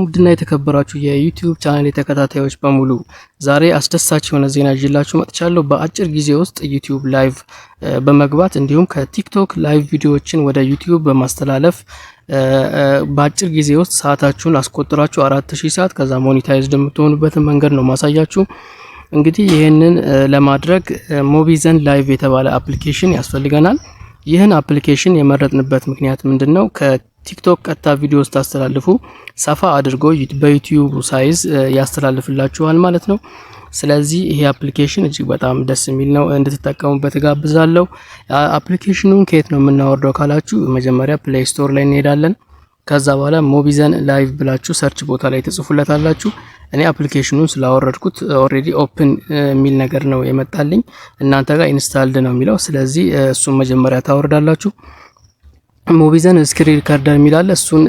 ውድና የተከበራችሁ የዩቲዩብ ቻናል ተከታታዮች በሙሉ ዛሬ አስደሳች የሆነ ዜና ይዤላችሁ መጥቻለሁ። በአጭር ጊዜ ውስጥ ዩቲዩብ ላይቭ በመግባት እንዲሁም ከቲክቶክ ላይቭ ቪዲዮዎችን ወደ ዩቲዩብ በማስተላለፍ በአጭር ጊዜ ውስጥ ሰዓታችሁን አስቆጥራችሁ አራት ሺህ ሰዓት ከዛ ሞኒታይዝድ የምትሆኑበትን መንገድ ነው ማሳያችሁ። እንግዲህ ይህንን ለማድረግ ሞቢዘን ላይቭ የተባለ አፕሊኬሽን ያስፈልገናል። ይህን አፕሊኬሽን የመረጥንበት ምክንያት ምንድን ነው? ቲክቶክ ቀጥታ ቪዲዮ ስታስተላልፉ ሰፋ አድርጎ በዩቲዩብ ሳይዝ ያስተላልፍላችኋል ማለት ነው። ስለዚህ ይሄ አፕሊኬሽን እጅግ በጣም ደስ የሚል ነው፣ እንድትጠቀሙበት ጋብዛለሁ። አፕሊኬሽኑን ከየት ነው የምናወርደው ካላችሁ መጀመሪያ ፕሌይ ስቶር ላይ እንሄዳለን። ከዛ በኋላ ሞቢዘን ላይቭ ብላችሁ ሰርች ቦታ ላይ ትጽፉለታላችሁ። እኔ አፕሊኬሽኑን ስላወረድኩት ኦልሬዲ ኦፕን የሚል ነገር ነው የመጣልኝ። እናንተ ጋር ኢንስታልድ ነው የሚለው። ስለዚህ እሱን መጀመሪያ ታወርዳላችሁ። ሞቢዘን ስክሪን ሪከርደር የሚላለ እሱን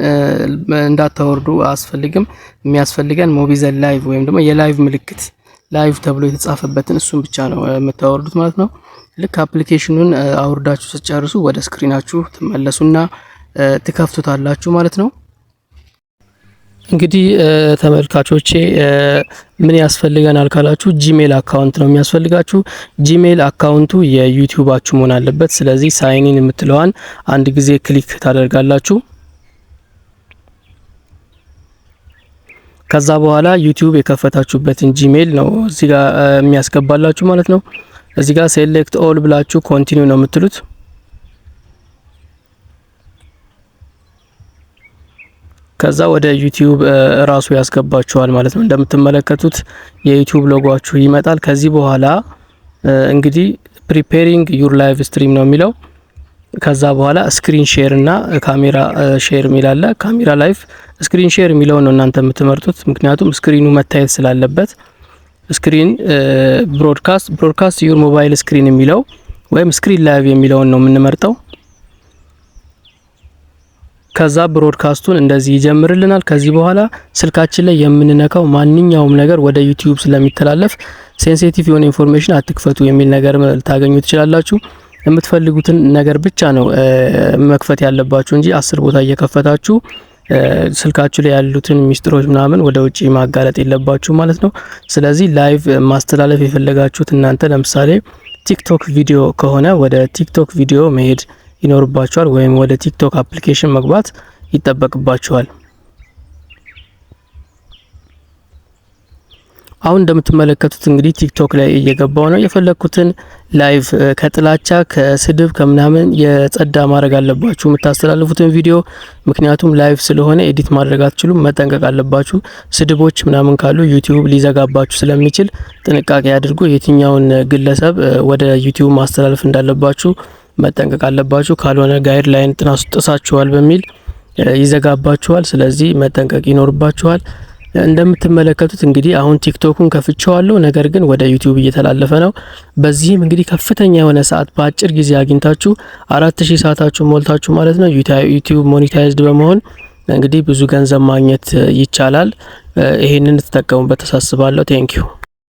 እንዳታወርዱ አስፈልግም የሚያስፈልገን ሞቢዘን ላይቭ ወይም ደግሞ የላይቭ ምልክት ላይቭ ተብሎ የተጻፈበትን እሱን ብቻ ነው የምታወርዱት ማለት ነው። ልክ አፕሊኬሽኑን አውርዳችሁ ስትጨርሱ ወደ ስክሪናችሁ ትመለሱና ትከፍቱታላችሁ ማለት ነው። እንግዲህ ተመልካቾቼ ምን ያስፈልገናል ካላችሁ ጂሜል አካውንት ነው የሚያስፈልጋችሁ። ጂሜል አካውንቱ የዩቲዩባችሁ መሆን አለበት። ስለዚህ ሳይኒን የምትለዋን አንድ ጊዜ ክሊክ ታደርጋላችሁ። ከዛ በኋላ ዩቲዩብ የከፈታችሁበትን ጂሜል ነው እዚህ ጋር የሚያስገባላችሁ ማለት ነው። እዚህ ጋር ሴሌክት ኦል ብላችሁ ኮንቲኒው ነው የምትሉት። ከዛ ወደ ዩቲዩብ ራሱ ያስገባችኋል ማለት ነው። እንደምትመለከቱት የዩቲዩብ ሎጓችሁ ይመጣል። ከዚህ በኋላ እንግዲህ ፕሪፔሪንግ ዩር ላይቭ ስትሪም ነው የሚለው። ከዛ በኋላ ስክሪን ሼር እና ካሜራ ሼር የሚላለ ካሜራ ላይቭ ስክሪን ሼር የሚለው ነው እናንተ የምትመርጡት። ምክንያቱም ስክሪኑ መታየት ስላለበት ስክሪን ብሮድካስት ብሮድካስት ዩር ሞባይል ስክሪን የሚለው ወይም ስክሪን ላይቭ የሚለውን ነው የምንመርጠው። ከዛ ብሮድካስቱን እንደዚህ ይጀምርልናል። ከዚህ በኋላ ስልካችን ላይ የምንነካው ማንኛውም ነገር ወደ ዩቲዩብ ስለሚተላለፍ ሴንሲቲቭ የሆነ ኢንፎርሜሽን አትክፈቱ የሚል ነገር ልታገኙ ትችላላችሁ። የምትፈልጉትን ነገር ብቻ ነው መክፈት ያለባችሁ እንጂ አስር ቦታ እየከፈታችሁ ስልካችሁ ላይ ያሉትን ሚስጥሮች ምናምን ወደ ውጭ ማጋለጥ የለባችሁ ማለት ነው። ስለዚህ ላይቭ ማስተላለፍ የፈለጋችሁት እናንተ ለምሳሌ ቲክቶክ ቪዲዮ ከሆነ ወደ ቲክቶክ ቪዲዮ መሄድ ይኖርባችኋል ወይም ወደ ቲክቶክ አፕሊኬሽን መግባት ይጠበቅባችኋል። አሁን እንደምትመለከቱት እንግዲህ ቲክቶክ ላይ እየገባው ነው። የፈለግኩትን ላይቭ ከጥላቻ ከስድብ ከምናምን የጸዳ ማድረግ አለባችሁ የምታስተላልፉትን ቪዲዮ። ምክንያቱም ላይቭ ስለሆነ ኤዲት ማድረግ አትችሉም፣ መጠንቀቅ አለባችሁ። ስድቦች ምናምን ካሉ ዩቲዩብ ሊዘጋባችሁ ስለሚችል ጥንቃቄ አድርጉ። የትኛውን ግለሰብ ወደ ዩቲዩብ ማስተላለፍ እንዳለባችሁ መጠንቀቅ አለባችሁ። ካልሆነ ጋይድ ላይን ጥሳችኋል በሚል ይዘጋባችኋል። ስለዚህ መጠንቀቅ ይኖርባችኋል። እንደምትመለከቱት እንግዲህ አሁን ቲክቶኩን ከፍቼዋለሁ፣ ነገር ግን ወደ ዩቲዩብ እየተላለፈ ነው። በዚህም እንግዲህ ከፍተኛ የሆነ ሰዓት በአጭር ጊዜ አግኝታችሁ አራት ሺህ ሰዓታችሁ ሞልታችሁ ማለት ነው ዩቲዩብ ሞኔታይዝድ በመሆን እንግዲህ ብዙ ገንዘብ ማግኘት ይቻላል። ይህንን ትጠቀሙበት ተሳስባለሁ። ቴንኪዩ